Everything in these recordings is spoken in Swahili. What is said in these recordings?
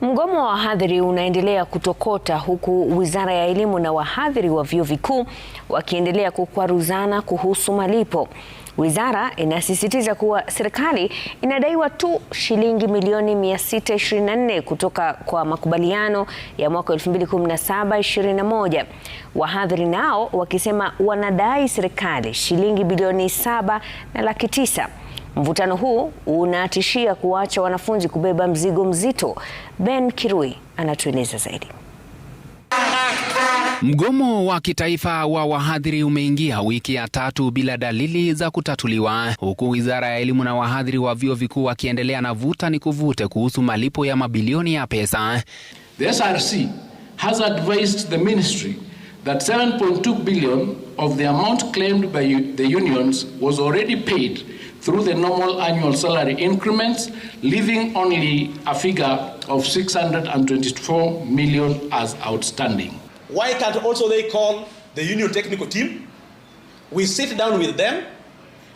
Mgomo wa wahadhiri unaendelea kutokota huku Wizara ya Elimu na wahadhiri wa vyuo vikuu wakiendelea kukwaruzana kuhusu malipo. Wizara inasisitiza kuwa serikali inadaiwa tu shilingi milioni 624 kutoka kwa makubaliano ya mwaka 2017-21. Wahadhiri nao wakisema wanadai serikali shilingi bilioni 7 na laki 9. Mvutano huu unatishia kuacha wanafunzi kubeba mzigo mzito. Ben Kirui anatueleza zaidi. Mgomo wa kitaifa wa wahadhiri umeingia wiki ya tatu bila dalili za kutatuliwa, huku wizara ya elimu na wahadhiri wa vyuo vikuu wakiendelea na vuta ni kuvute kuhusu malipo ya mabilioni ya pesa. The SRC has advised the ministry that 7.2 billion of the amount claimed by the unions was already paid through the normal annual salary increments, leaving only a figure of 624 million as outstanding. Why can't also they call the union technical team? We sit down with them,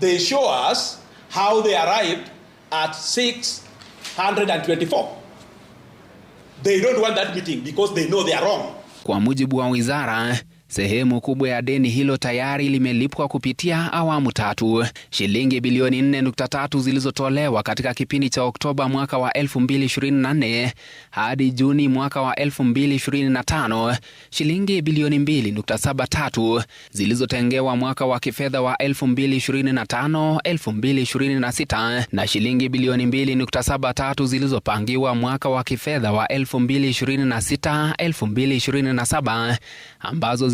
they show us how they arrived at 624. They don't want that meeting because they know they are wrong. Kwa mujibu wa wizara eh? Sehemu kubwa ya deni hilo tayari limelipwa kupitia awamu tatu. Shilingi bilioni 4.3 zilizotolewa katika kipindi cha Oktoba mwaka wa 2024 hadi Juni mwaka wa 2025, shilingi bilioni 2.73 zilizotengewa mwaka wa kifedha wa 2025-2026 na shilingi bilioni 2.73 zilizopangiwa mwaka wa kifedha wa 2026-2027 ambazo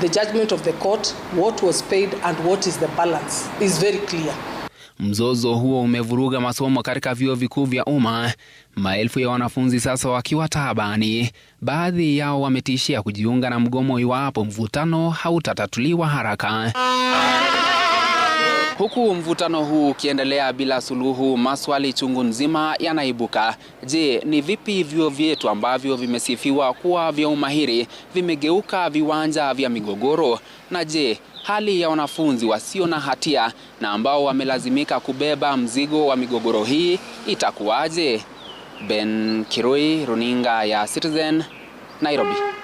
the judgment of the court, what was paid and what is the balance is very clear. Mzozo huo umevuruga masomo katika vyuo vikuu vya umma, maelfu ya wanafunzi sasa wakiwa taabani, baadhi yao wametishia kujiunga na mgomo iwapo mvutano hautatatuliwa haraka. Huku mvutano huu ukiendelea bila suluhu, maswali chungu nzima yanaibuka. Je, ni vipi vyuo vyetu ambavyo vimesifiwa kuwa vya umahiri vimegeuka viwanja vya migogoro? Na je, hali ya wanafunzi wasio na hatia na ambao wamelazimika kubeba mzigo wa migogoro hii itakuwaje? Ben Kirui, Runinga ya Citizen, Nairobi.